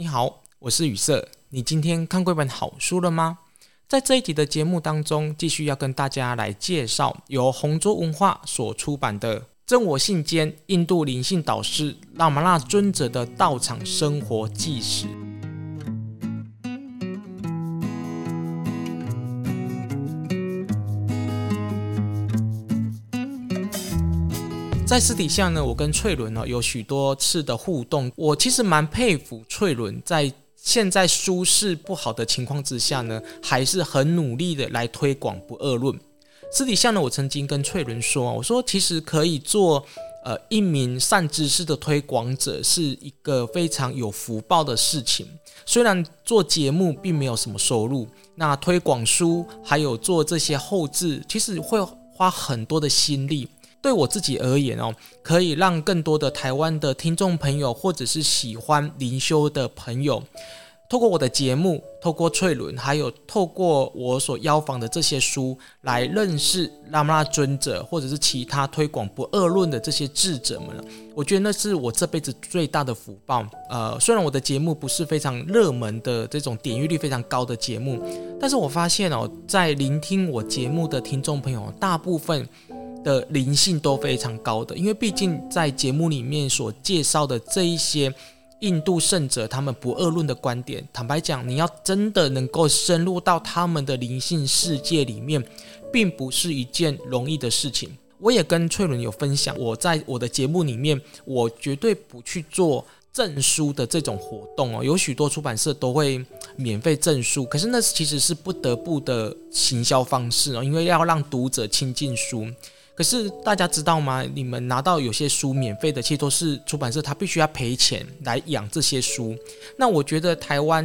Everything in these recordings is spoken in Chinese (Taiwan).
你好，我是宇色。你今天看過一本好書了嗎？在這一集的節目當中，繼續要跟大家來介紹由紅桌文化所出版的《真我信箋印度靈性導師拉瑪那尊者的道場生活紀實。在私底下呢，我跟粹倫呢、哦、有許多次的互動，我其實蠻佩服粹倫，在現在書市不好的情況之下呢，還是很努力的來推廣不二論。私底下呢，我曾經跟粹倫說，我說其實可以做呃一名善知識的推廣者，是一個非常有福報的事情。雖然做節目並沒有什麼收入，那推廣書還有做這些後製，其實會花很多的心力。對我自己而言哦，可以讓更多的台灣的聽眾朋友，或者是喜歡靈修的朋友，透過我的節目，透過粹倫，還有透過我所邀訪的這些書，來認識拉瑪那尊者，或者是其他推廣不二論的這些智者們了。我覺得那是我這輩子最大的福報。呃，雖然我的節目不是非常熱門的這種點閱率非常高的節目，但是我發現哦，在聆聽我節目的聽眾朋友，大部分的靈性都非常高的，因為畢竟在節目裡面所介紹的這一些。印度聖者他們不二論的觀點，坦白講，你要真的能夠深入到他們的靈性世界裡面，並不是一件容易的事情。我也跟粹倫有分享，我在我的節目裡面，我絕對不去做贈書的這種活動哦。有許多出版社都會免費贈書，可是那其實是不得不的行銷方式哦，因為要讓讀者親近書。可是大家知道嗎？你們拿到有些書免費的，其實都是出版社，他必須要賠錢來養這些書。那我覺得台灣，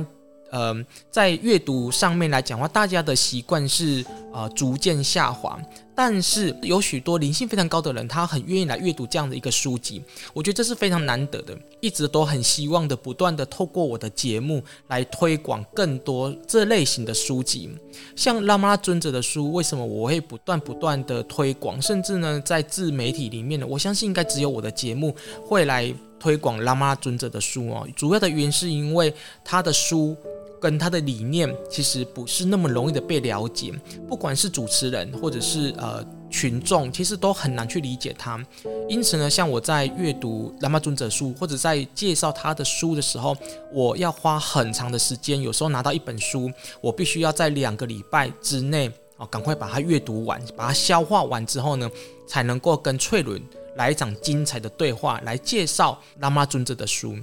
嗯、呃，在閱讀上面來講的話，大家的習慣是呃逐漸下滑。但是有許多靈性非常高的人，他很願意來閱讀這樣的一個書籍，我覺得這是非常難得的，一直都很希望的，不斷的透過我的節目來推廣更多這類型的書籍，像拉瑪那尊者的書，為什麼我會不斷不斷的推廣？甚至呢，在自媒體裡面呢，我相信應該只有我的節目會來推廣拉瑪那尊者的書哦。主要的原因是因為他的書。跟他的理念其實不是那麼容易的被了解，不管是主持人或者是呃群眾，其實都很難去理解他。因此呢，像我在閱讀拉瑪那尊者書或者在介紹他的書的時候，我要花很長的時間，有時候拿到一本書，我必須要在兩個禮拜之內啊，趕快把它閱讀完，把它消化完之後呢，才能夠跟粹倫來一場精彩的對話，來介紹拉瑪那尊者的書。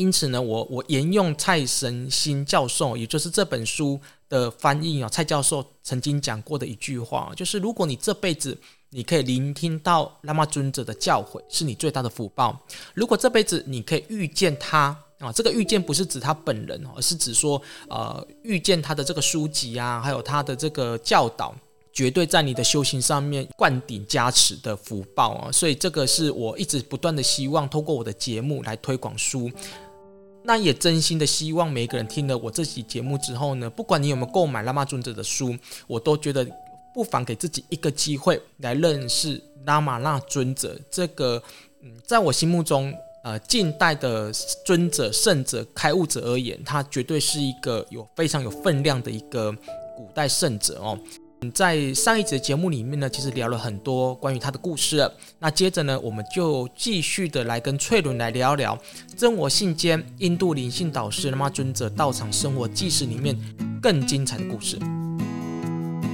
因此呢，我我沿用蔡神鑫教授，也就是這本書的翻譯啊，蔡教授曾經講過的一句話，就是如果你這輩子你可以聆聽到拉瑪那尊者的教誨，是你最大的福報；如果這輩子你可以遇見他啊，這個遇見不是指他本人，而是指說呃遇見他的這個書籍啊，還有他的這個教導，絕對在你的修行上面灌頂加持的福報啊。所以這個是我一直不斷的希望通過我的節目來推廣書。那也真心的希望每一個人聽了我這期節目之後呢，不管你有沒有購買拉瑪尊者的書，我都覺得不妨給自己一個機會，來認識拉瑪那尊者。這個嗯，在我心目中，呃，近代的尊者、聖者、開悟者而言，他絕對是一個有非常有分量的一個古代聖者哦。在上一集的節目裡面呢，其實聊了很多關於他的故事。那接着呢，我們就繼續的來跟翠倫來聊一聊《真我信箋》，印度靈性導師拉瑪那尊者道場生活紀實裡面更精彩的故事。嗯、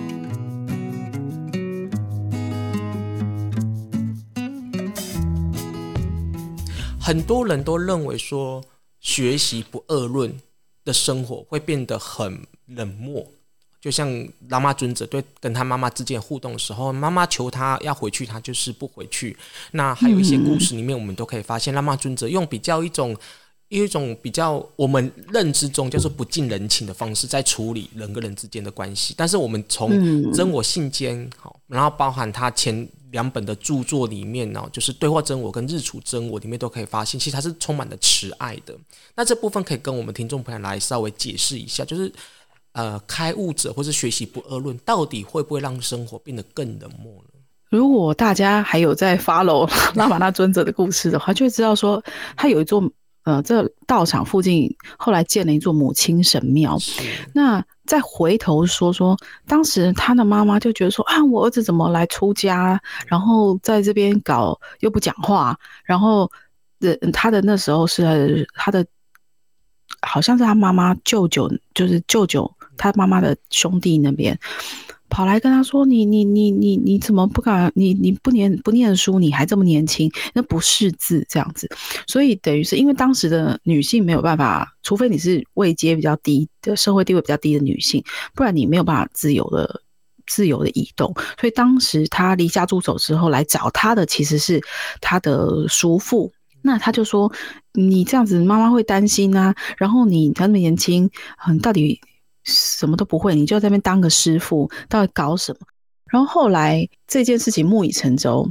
很多人都認為說，學習不二論的生活會變得很冷漠。就像拉瑪那尊者對跟他媽媽之間互動的時候，媽媽求他要回去，他就是不回去。那還有一些故事裡面，我們都可以發現，拉瑪那尊者用比較一種、一種比較我們認知中就是不近人情的方式，在處理人跟人之間的關係。但是我們從真我信箋，好，然後包含他前兩本的著作裡面呢，就是對話真我跟日處真我裡面都可以發現，其實他是充滿了慈愛的。那這部分可以跟我們聽眾朋友來稍微解釋一下，就是。呃，開悟者或是學習不二論，到底會不會讓生活變得更冷漠呢？如果大家還有在 follow 拉瑪那尊者的故事的話， 就會知道說，他有一座呃，這道場附近後來建了一座母親神廟。是那再回頭說說，當時他的媽媽就覺得說啊，我兒子怎麼來出家，然後在這邊搞又不講話，然後呃，他的那時候是他的好像是他媽媽舅舅，就是舅舅。他媽媽的兄弟那邊跑來跟他說：“你你你你你怎麼不敢？你你不念不念書，你還這麼年輕，那不識字這樣子。所以等於是因為當時的女性沒有辦法，除非你是位階比較低的社會地位比較低的女性，不然你沒有辦法自由的自由的移動。所以當時他離家出走之後來找他的其實是他的叔父。那他就說：‘你這樣子媽媽會擔心啊。然後你他這麼年輕，嗯、到底……’什麼都不會，你就在那邊當個師傅，到底搞什麼？然後後來這件事情木已成舟。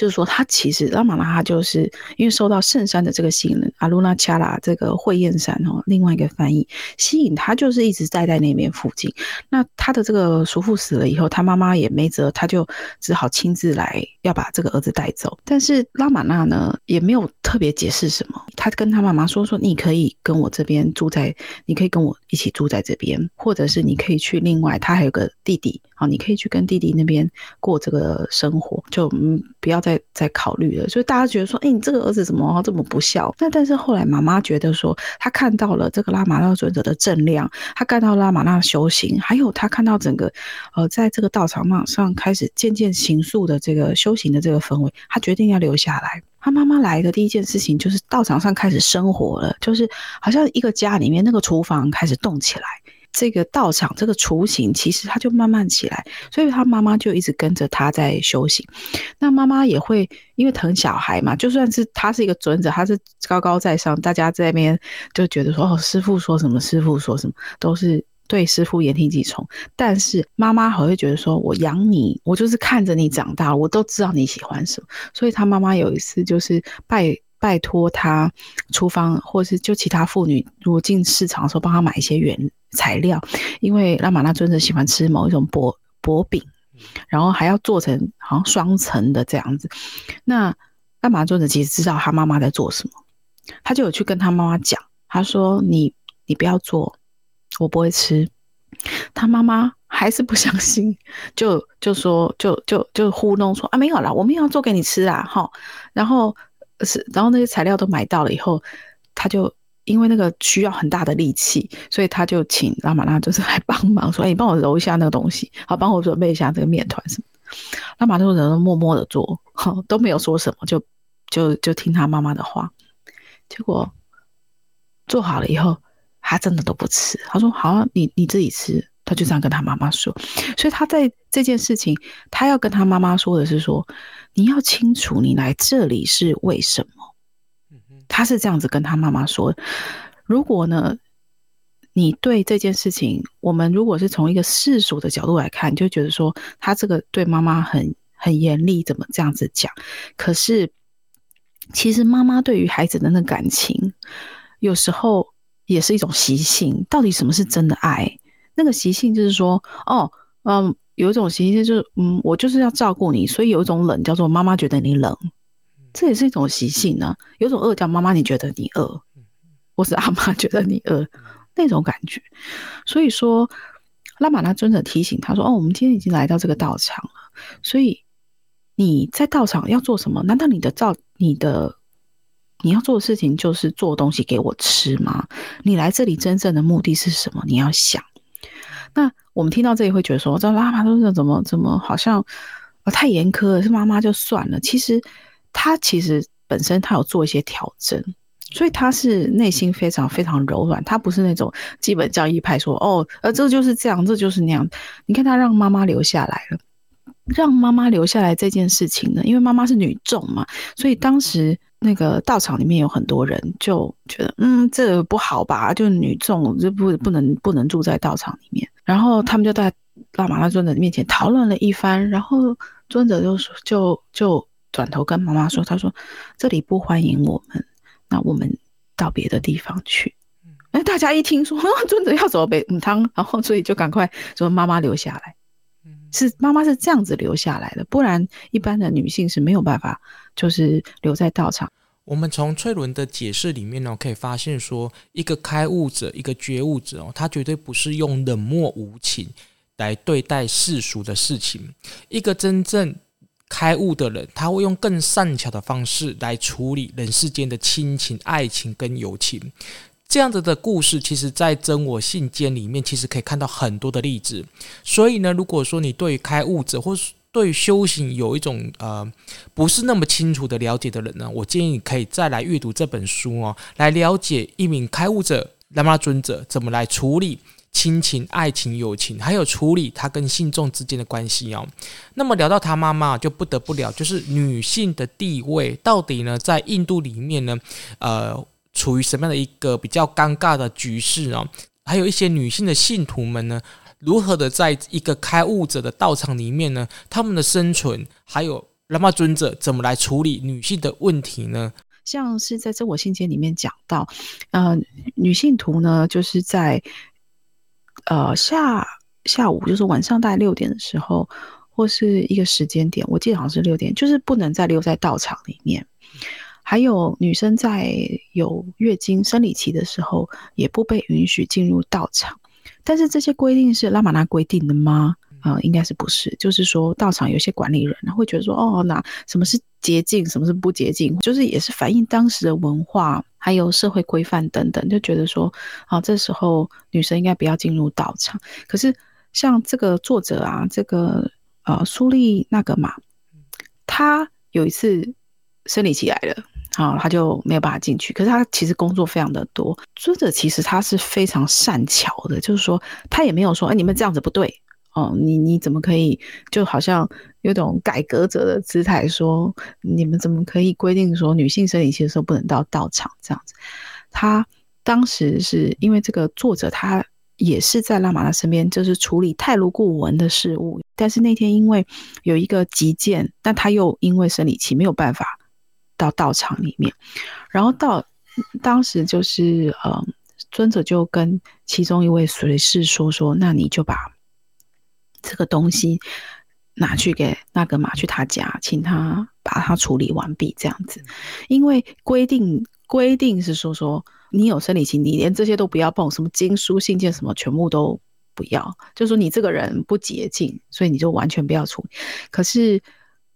就是說，他其實拉瑪那哈，就是因為受到聖山的這個吸引，阿魯納恰拉這個慧焰山，哦，另外一個翻譯吸引他，就是一直待在，在那邊附近。那他的這個叔父死了以後，他媽媽也沒轍，他就只好親自來要把這個兒子帶走。但是拉瑪那呢，也沒有特別解釋什麼，他跟他媽媽說說，你可以跟我這邊住在，你可以跟我一起住在這邊，或者是你可以去另外，他還有個弟弟啊，你可以去跟弟弟那邊過這個生活，就、嗯、不要再。在在考慮的，所以大家覺得說，哎、欸，你這個兒子怎麼好這麼不孝？那但是後來媽媽覺得說，他看到了這個拉瑪那尊者的正量，他看到拉瑪那修行，還有他看到整個，呃，在這個道場上開始漸漸形塑的這個修行的這個氛圍，他決定要留下來。他媽媽來的第一件事情就是道場上開始生活了，就是好像一個家裡面那個廚房開始動起來。這個道場，這個雛形其實他就慢慢起來，所以他媽媽就一直跟着他在修行。那媽媽也會因為疼小孩嘛，就算是他是一個尊者，他是高高在上，大家在那邊就覺得說，哦，師父說什麼，師父說什麼，都是對師父言聽計從。但是媽媽還會覺得說，我養你，我就是看着你長大，我都知道你喜歡什麼。所以他媽媽有一次就是拜。拜託他，廚房或者是就其他婦女，如果進市場的時候幫他買一些原材料，因為拉瑪那尊者喜歡吃某一種薄薄餅，然後還要做成好像雙層的這樣子。那拉瑪那尊者其實知道他媽媽在做什麼，他就有去跟他媽媽講，他說：“你你不要做，我不會吃。”他媽媽還是不相信，就就說就就就糊弄說：“啊沒有啦，我們要做給你吃啊哈。吼”然後。是，然後那些材料都買到了以後，他就因為那個需要很大的力氣，所以他就請拉瑪那就是來幫忙說，說、哎：“你幫我揉一下那個東西，好，幫我準備一下這個麵團什麼。嗯”那瑪那就人都默默的做，好都沒有說什麼，就就就聽他媽媽的話。結果做好了以後，他真的都不吃，他說：“好、啊，你你自己吃。”他就這樣跟他媽媽說。嗯、所以他在這件事情，他要跟他媽媽說的是說。你要清楚，你來這裡是為什麼？他是這樣子跟他媽媽說：“如果呢，你對這件事情，我們如果是從一個世俗的角度來看，你就覺得說他這個對媽媽很很嚴厲，怎麼這樣子講？可是，其實媽媽對於孩子的那感情，有時候也是一種習性。到底什麼是真的愛？那個習性就是說，哦，嗯。”有一種習性就是，嗯，我就是要照顧你，所以有一種冷叫做媽媽覺得你冷，這也是一種習性呢、啊。有一種餓叫媽媽你覺得你餓，或是阿媽覺得你餓那種感覺。所以說，拉瑪那尊者提醒他說，哦，我們今天已經來到這個道場了，所以你在道場要做什麼？難道你的照、你的你要做的事情就是做東西給我吃嗎？你來這裡真正的目的是什麼？你要想那。我們聽到這裡會覺得說，這媽媽都是怎麼怎麼好像啊、哦、太嚴苛了，是媽媽就算了。其實他，其實本身他有做一些調整，所以他是內心非常非常柔軟。他不是那種基本教義派說哦，呃，這個就是這樣，這就是那樣。你看他讓媽媽留下來了，讓媽媽留下來這件事情呢，因為媽媽是女眾嘛，所以當時那個道場裡面有很多人就覺得，嗯，這不好吧？就女眾就不不能不能住在道場裡面。然後他們就在拉瑪那尊者面前討論了一番，然後尊者就說就就轉頭跟媽媽說，他說這裡不歡迎我們，那我們到別的地方去。嗯，大家一聽說尊者要走北五湯，然後所以就趕快說媽媽留下來，是媽媽是這樣子留下來的，不然一般的女性是沒有辦法就是留在道場。我們從粹倫的解釋裡面呢，可以發現說，一個開悟者，一個覺悟者哦，他絕對不是用冷漠無情來對待世俗的事情。一個真正開悟的人，他會用更善巧的方式來處理人世間的親情、愛情跟友情。這樣子的故事，其實在《真我信箋》裡面，其實可以看到很多的例子。所以呢，如果說你對於開悟者或是對修行有一種呃，不是那麼清楚的了解的人呢，我建議你可以再來閱讀這本書哦，來了解一名開悟者拉瑪那尊者怎麼來處理親情、愛情、友情，還有處理他跟信眾之間的關係哦。那麼聊到他媽媽，就不得不聊，就是女性的地位到底呢，在印度裡面呢，呃，處於什麼樣的一個比較尷尬的局勢哦？還有一些女性的信徒們呢？如何的在一個開悟者的道場裡面呢？他們的生存，還有拉瑪那尊者怎麼來處理女性的問題呢？像是在《真我信箋》裡面講到，呃，嗯、女信徒呢，就是在，呃，下下午就是晚上大概六點的時候，或是一個時間點，我記得好像是六點，就是不能再留在道場裡面。嗯、還有女生在有月經生理期的時候，也不被允許進入道場。但是這些規定是拉瑪那規定的嗎？啊、呃，應該是不是？就是說道場有些管理人他會覺得說，哦，那什麼是潔淨，什麼是不潔淨，就是也是反映當時的文化還有社會規範等等，就覺得說，啊、呃，這時候女生應該不要進入道場。可是像這個作者啊，這個呃蘇麗那格瑪，她有一次生理期來了。啊、哦，他就沒有辦法進去。可是他其實工作非常的多。作者其實他是非常善巧的，就是說他也沒有說，哎，你們這樣子不對哦，你你怎麼可以就好像有種改革者的姿態說，說你們怎麼可以規定說女性生理期的時候不能到道場這樣子？他當時是因為這個作者他也是在拉瑪那身邊，就是處理泰盧固文的事物。但是那天因為有一個急件，但他又因為生理期沒有辦法。到道場裡面，然後到當時就是呃，尊者就跟其中一位隨侍說說，那你就把這個東西拿去給那個馬去他家，請他把它處理完畢，這樣子。因為規定規定是說說，你有生理期，你連這些都不要碰，什麼經書信件什麼全部都不要，就說你這個人不潔淨，所以你就完全不要處理。可是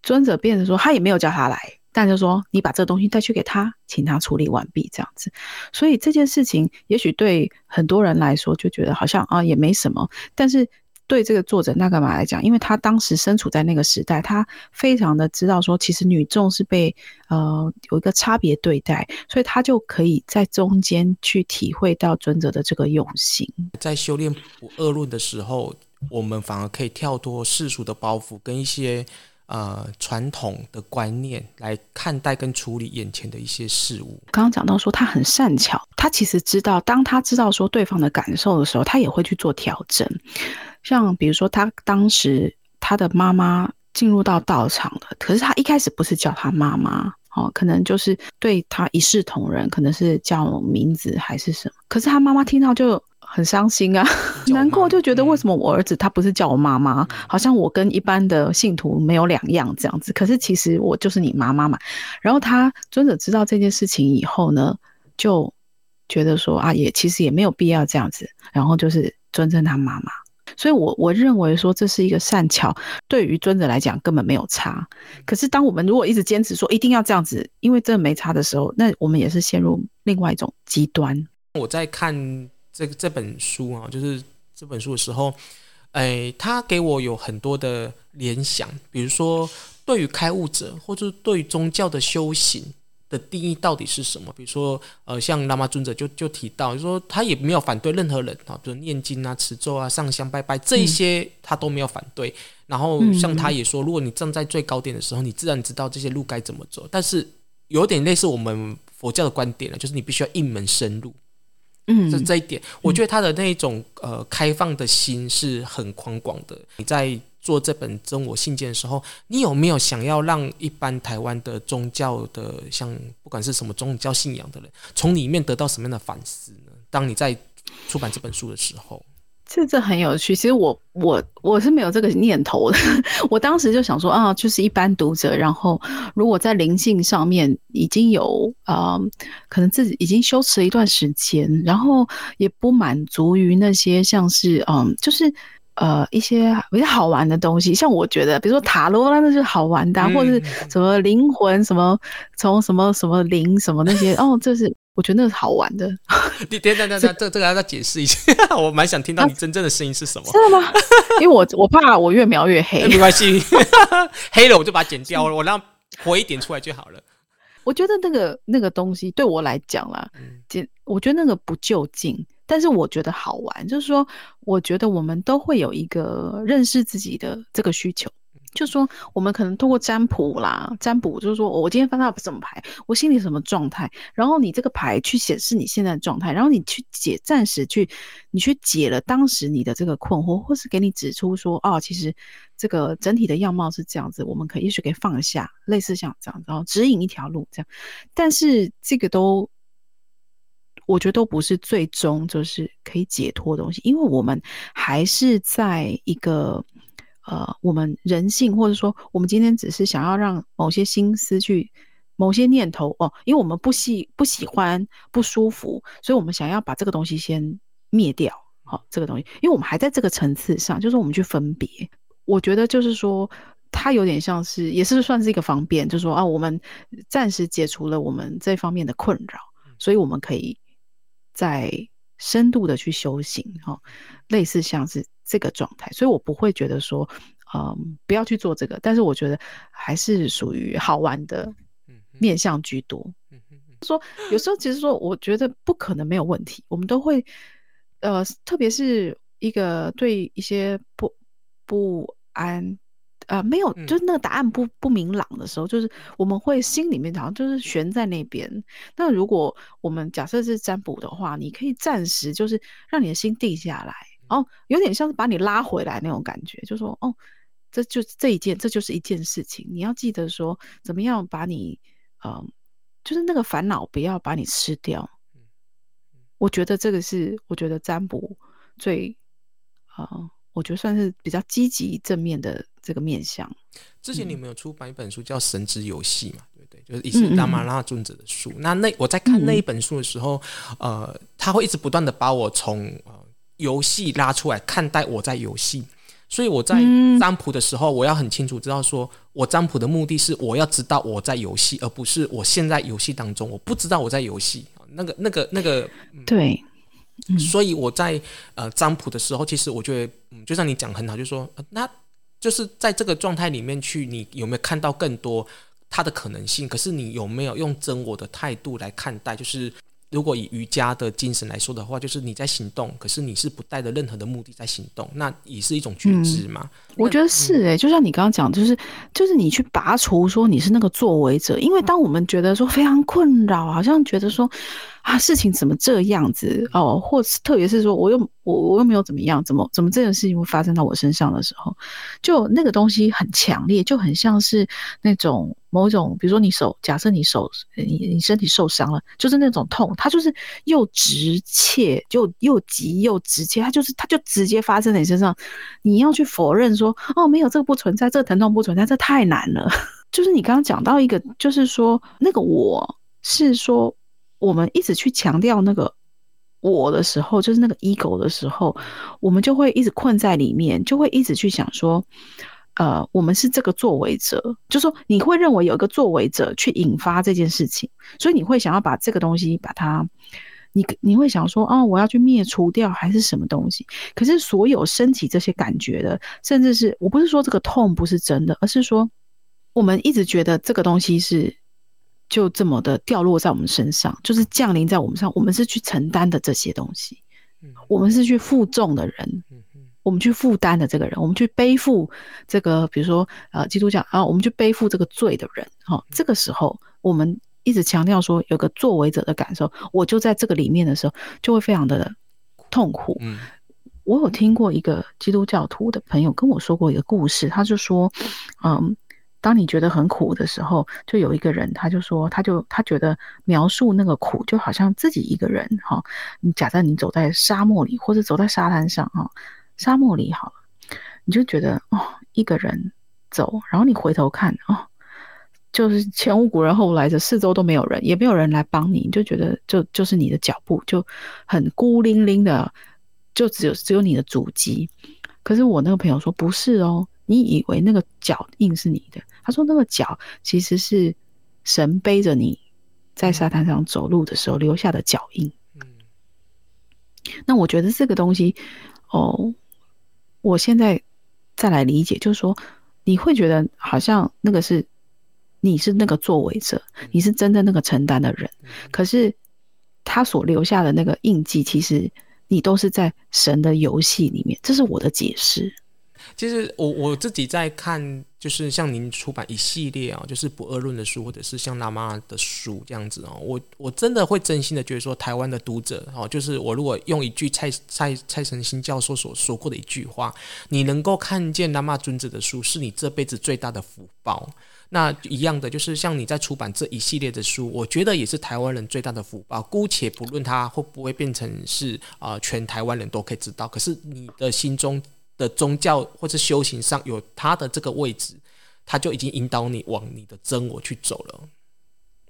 尊者變成說，他也沒有叫他來。但就說，你把這東西帶去給他，請他處理完畢，這樣子。所以這件事情，也許對很多人來說就覺得好像啊也沒什麼。但是對這個作者那干嘛來講，因為他當時身處在那個時代，他非常的知道說，其實女眾是被呃有一個差別對待，所以他就可以在中間去體會到尊者的這個用心。在修煉不二論的時候，我們反而可以跳脫世俗的包袱，跟一些。呃，傳統的觀念來看待跟處理眼前的一些事物。剛剛講到說他很善巧，他其實知道，當他知道說對方的感受的時候，他也會去做調整。像比如說，他當時他的媽媽進入到道場了，可是他一開始不是叫他媽媽。哦，可能就是對他一視同仁，可能是叫我名字還是什麼。可是他媽媽聽到就很傷心啊，嗎 難過，就覺得為什麼我兒子他不是叫我媽媽，好像我跟一般的信徒沒有兩樣這樣子。可是其實我就是你媽媽嘛。然後他尊者知道這件事情以後呢，就覺得說啊，也其實也沒有必要這樣子，然後就是尊稱他媽媽。所以我，我我認為說這是一個善巧，對於尊者來講根本沒有差。可是，當我們如果一直堅持說一定要這樣子，因為這沒差的時候，那我們也是陷入另外一種極端。我在看這這本書啊，就是這本書的時候，哎、欸，他給我有很多的聯想，比如說對於開悟者，或者對於宗教的修行的定義到底是什麼？比如說，呃，像拉瑪那尊者就就提到，就是、說他也沒有反對任何人啊，就是、念經啊、持咒啊、上香拜拜這一些他都沒有反對。嗯、然後像他也說，如果你站在最高點的時候，你自然知道這些路該怎麼走。但是有點類似我們佛教的觀點了，就是你必須要一門深入。嗯，就是這一點，我覺得他的那一種呃開放的心是很寬廣的。你在。做這本《真我信箋》的時候，你有沒有想要讓一般台灣的宗教的，像不管是什麼宗教信仰的人，從裡面得到什麼樣的反思呢？當你在出版這本書的時候，這這很有趣。其實我我我是沒有這個念頭的。 我當時就想說啊，就是一般讀者，然後如果在靈性上面已經有啊、呃，可能自己已經修持了一段時間，然後也不滿足於那些像是嗯，就是。呃，一些比較好玩的東西，像我覺得，比如說塔羅，那是好玩的，啊，嗯、或者是什麼靈魂、嗯，什麼，什麼從什麼什麼靈，什麼那些， 哦，這是我覺得那是好玩的。你等等等等，是這這個要再解釋一下， 我蠻想聽到你真正的聲音是什麼？真、啊、的嗎？ 因為我我怕我越描越黑。 沒關係，黑了我就把它剪掉了，是我讓火一點出來就好了。我覺得那個那個東西對我來講啦，剪、嗯，我覺得那個不究竟。但是我覺得好玩，就是說，我覺得我們都會有一個認識自己的這個需求，就說我們可能通過占卜啦，占卜就是說，哦，我今天翻到什麼牌，我心裡什麼狀態，然後你這個牌去顯示你現在的狀態，然後你去解暫時去，你去解了當時你的這個困惑，或是給你指出說，哦，其實這個整體的樣貌是這樣子，我們可以也許可以放下，類似像這樣，然後指引一條路這樣，但是這個都。我覺得都不是最終就是可以解脫的東西，因為我們還是在一個呃，我們人性或者說我們今天只是想要讓某些心思去某些念頭哦，因為我們不喜不喜歡不舒服，所以我們想要把這個東西先滅掉。好，哦，這個東西，因為我們還在這個層次上，就是我們去分別。我覺得就是說，它有點像是也是算是一個方便，就是說啊，我們暫時解除了我們這方面的困擾，所以我們可以。在深度的去修行，哈、哦，類似像是這個狀態，所以我不會覺得說，嗯、呃，不要去做這個。但是我覺得還是屬於好玩的面向居多。 說有時候其實說，我覺得不可能沒有問題，我們都會，呃，特別是一個對一些不不安。呃，沒有，就是那個答案不不明朗的時候，就是我們會心裡面好像就是懸在那邊。那如果我們假設是占卜的話，你可以暫時就是讓你的心定下來，哦，有點像是把你拉回來那種感覺，就說哦，這就這一件，這就是一件事情，你要記得說怎麼樣把你，呃，就是那個煩惱不要把你吃掉。我覺得這個是我覺得占卜最，啊，呃，我覺得算是比較積極正面的。這個面相，之前你們有出版一本書叫《神之遊戲》嘛？嗯、對不對？就是以前拉瑪那尊者的書。嗯嗯，那那我在看那一本書的時候，嗯、呃，他會一直不斷的把我從、呃、遊戲拉出來看待我在遊戲，所以我在占卜的時候，嗯、我要很清楚知道說，說我占卜的目的是我要知道我在遊戲，而不是我現在遊戲當中我不知道我在遊戲。那個那個那個，那個那個嗯、對。嗯、所以我在呃占卜的時候，其實我覺得，嗯，就像你講很好，就說、呃、那。就是在這個狀態裡面去，你有沒有看到更多他的可能性？可是你有沒有用真我的態度來看待？就是如果以瑜伽的精神來說的話，就是你在行動，可是你是不帶着任何的目的在行動，那也是一種覺知嘛？嗯、那我覺得是誒、欸，嗯、就像你剛剛講，就是就是你去拔除說你是那個作為者，因為當我們覺得說非常困擾，好像覺得說。啊，事情怎麼這樣子哦？或是，特別是說我，我又我我又沒有怎麼樣，怎麼怎麼這件事情會發生到我身上的時候，就那個東西很強烈，就很像是那種某種，比如說你手，假設你手你，你身體受傷了，就是那種痛，它就是又直切，就又，又急又直接，它就是它就直接發生在你身上。你要去否認說，哦，沒有這個不存在，這個疼痛不存在，這個、太難了。 就是你剛剛講到一個，就是說那個我是說。我們一直去強調那個我的時候，就是那個 ego 的時候，我們就會一直困在裡面，就會一直去想說，呃，我們是這個作為者，就說你會認為有一個作為者去引發這件事情，所以你會想要把這個東西把它，你你會想說，啊，哦，我要去滅除掉還是什麼東西？可是所有升起這些感覺的，甚至是我不是說這個痛不是真的，而是說我們一直覺得這個東西是。就這麼的掉落在我們身上，就是降臨在我們身上，我們是去承擔的這些東西，我們是去負重的人，我們去負擔的這個人，我們去背負這個，比如說呃，基督教啊、呃，我們去背負這個罪的人，哈，這個時候我們一直強調說有個作為者的感受，我就在這個裡面的時候就會非常的痛苦，我有聽過一個基督教徒的朋友跟我說過一個故事，他就說，嗯、呃。當你覺得很苦的時候，就有一個人，他就說，他就他覺得描述那個苦，就好像自己一個人哈、哦。你假設你走在沙漠裡，或者走在沙灘上哈、哦，沙漠裡好了，你就覺得哦，一個人走，然後你回頭看哦，就是前無古人後無來者，四周都沒有人，也沒有人來幫你，你就覺得就就是你的腳步就很孤零零的，就只有只有你的足跡。可是我那個朋友說不是哦。你以為那個腳印是你的？他說：“那個腳其實是神背着你在沙灘上走路的時候留下的腳印。”嗯，那我覺得這個東西，哦，我現在再來理解，就是說你會覺得好像那個是你是那個作為者，嗯、你是真正那個承擔的人，嗯、可是他所留下的那個印記，其實你都是在神的遊戲裡面。這是我的解釋。其實我我自己在看，就是像您出版一系列啊、哦，就是不二論的書，或者是像拉瑪那的書這樣子哦。我我真的會真心的覺得說，台灣的讀者哦，就是我如果用一句蔡蔡蔡神鑫教授所說過的一句話，你能夠看見拉瑪那尊者的書，是你這輩子最大的福報。那一樣的，就是像你在出版這一系列的書，我覺得也是台灣人最大的福報。姑且不論他會不會變成是啊、呃，全台灣人都可以知道，可是你的心中。的宗教或是修行上有他的這個位置，他就已經引導你往你的真我去走了。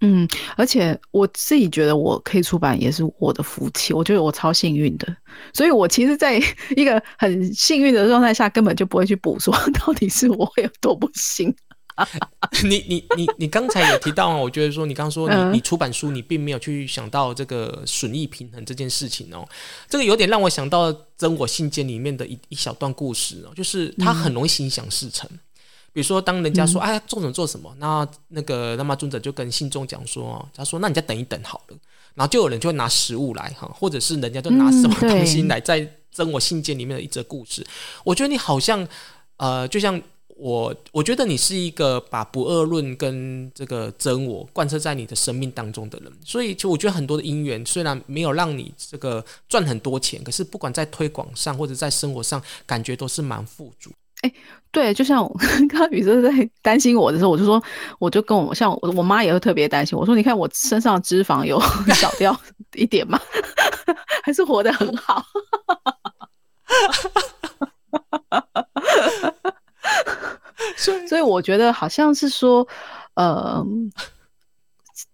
嗯，而且我自己覺得我可以出版也是我的福氣，我覺得我超幸運的。所以我其實在一個很幸運的狀態下，根本就不會去補說到底是我有多不幸。 你你你你剛才也提到啊， 我覺得說你剛說你你出版書，你並沒有去想到這個損益平衡這件事情哦，這個有點讓我想到《真我信箋》裡面的一一小段故事哦，就是他很容易心想事成，比如說當人家說、嗯、哎，做什麼做什麼，嗯、那那個那麼尊者就跟信眾講說，他說，那你再等一等好了，然後就有人就會拿食物來哈，或者是人家就拿什麼東西來，在《真我信箋》裡面的一則故事，我覺得你好像、嗯、對 呃，就像。我我覺得你是一個把不二論跟這個真我貫徹在你的生命當中的人，所以其實我覺得很多的因緣雖然沒有讓你這個賺很多錢，可是不管在推廣上或者在生活上，感覺都是蠻富足。哎、欸，對，就像剛剛宇色在擔心我的時候，我就說，我就跟我像我我媽也會特別擔心，我說，你看我身上的脂肪有少掉一點嗎？ 還是活得很好。 所以，所以我覺得好像是說，呃，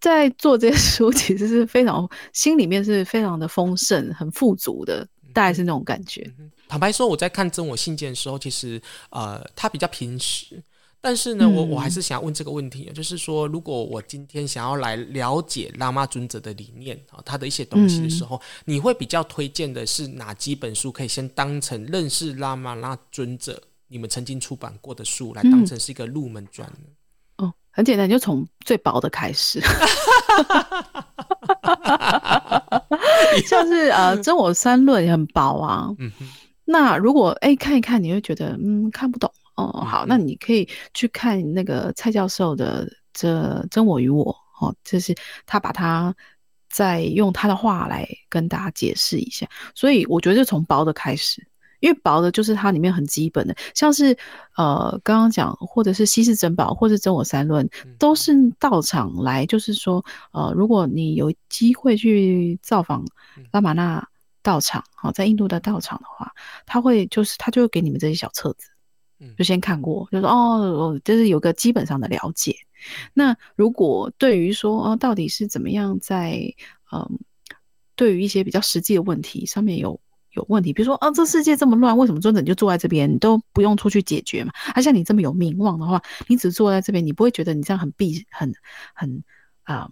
在做這些書其實是非常 心裡面是非常的豐盛、很富足的，大概是那種感覺。嗯嗯、坦白說，我在看《真我信箋》的時候，其實呃，他比較平實。但是呢，我我還是想要問這個問題，嗯、就是說，如果我今天想要來了解拉瑪那尊者的理念啊，他的一些東西的時候，嗯、你會比較推薦的是哪幾本書，可以先當成認識拉瑪那尊者？你們曾經出版過的書來當成是一個入門磚、嗯、哦，很簡單，就從最薄的開始，像是呃、啊《真我三論》也很薄啊。嗯、哼那如果哎看一看，你會覺得嗯看不懂哦。好，嗯、哼那你可以去看那個蔡教授的這《真我與我》哦，就是他把他再用他的話來跟大家解釋一下。所以我覺得就從薄的開始。越薄的，就是它裡面很基本的，像是，呃，剛剛講，或者是稀世珍寶，或者是真我三論，都是道場來，就是說，呃，如果你有機會去造訪拉瑪那道場，好、嗯哦，在印度的道場的話，他會就是他就會給你們這些小冊子，就先看過，嗯、就是說哦，就是有個基本上的了解。那如果對於說哦、呃，到底是怎麼樣在，嗯、呃，對於一些比較實際的問題，上面有。有問題，比如說，嗯、啊，這世界這麼亂，為什麼尊者你就坐在這邊，你都不用出去解決嘛？而、啊、像你這麼有名望的話，你只坐在這邊，你不會覺得你這樣很避、很、很，嗯，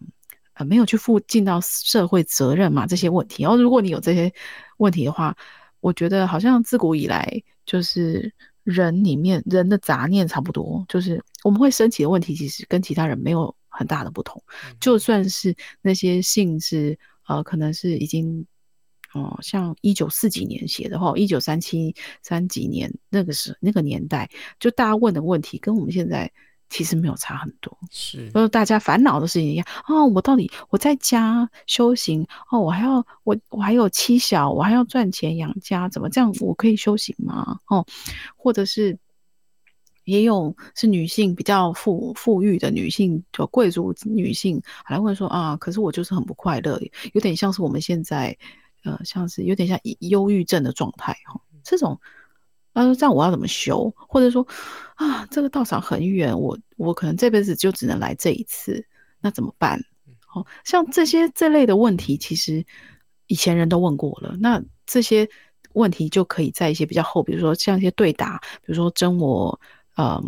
嗯，沒有去負盡到社會責任嘛？這些問題，然後如果你有這些問題的話，我覺得好像自古以來就是人裡面人的雜念差不多，就是我們會升起的問題，其實跟其他人沒有很大的不同，就算是那些性質，啊、呃，可能是已經。哦，像一九四幾年寫的話，一九三七三幾年那個時那個年代，就大家問的問題跟我們現在其實沒有差很多，是，都是大家煩惱的事情一樣哦，我到底我在家修行哦，我還要我我還有妻小，我還要賺錢養家，怎麼這樣我可以修行嗎？哦，或者是也有是女性比較富富裕的女性，就貴族女性還會，來問說啊，可是我就是很不快樂，有點像是我們現在。呃、像是有點像憂鬱症的狀態這種他說、呃、這樣我要怎麼修？或者說啊，這個道場很遠，我我可能這輩子就只能來這一次，那怎麼辦？好、哦、像這些這類的問題，其實以前人都問過了，那這些問題就可以在一些比較厚，比如說像一些對答，比如說真我，嗯、呃，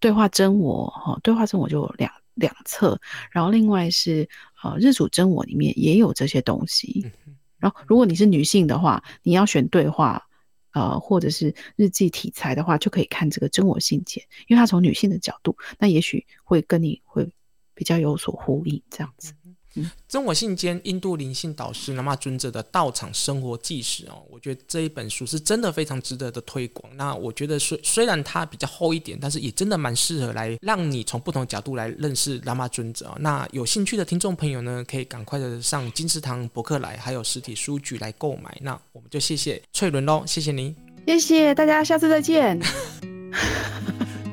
對話真我、哦、對話真我就有兩兩冊，然後另外是、呃、日處真我裡面也有這些東西。 然後，如果你是女性的話，你要選對話，呃，或者是日記題材的話，就可以看這個《真我信箋》，因為它從女性的角度，那也許會跟你會比較有所呼應，這樣子。真我信箋，印度靈性導師拉瑪那尊者的道場生活紀實哦，我覺得這一本書是真的非常值得的推廣。那我覺得雖雖然它比較厚一點，但是也真的蠻適合來讓你從不同角度來認識拉瑪那尊者。那有興趣的聽眾朋友呢，可以趕快的上金石堂博客來，還有實體書局來購買。那我們就謝謝粹倫嘍，謝謝您，謝謝大家，下次再見。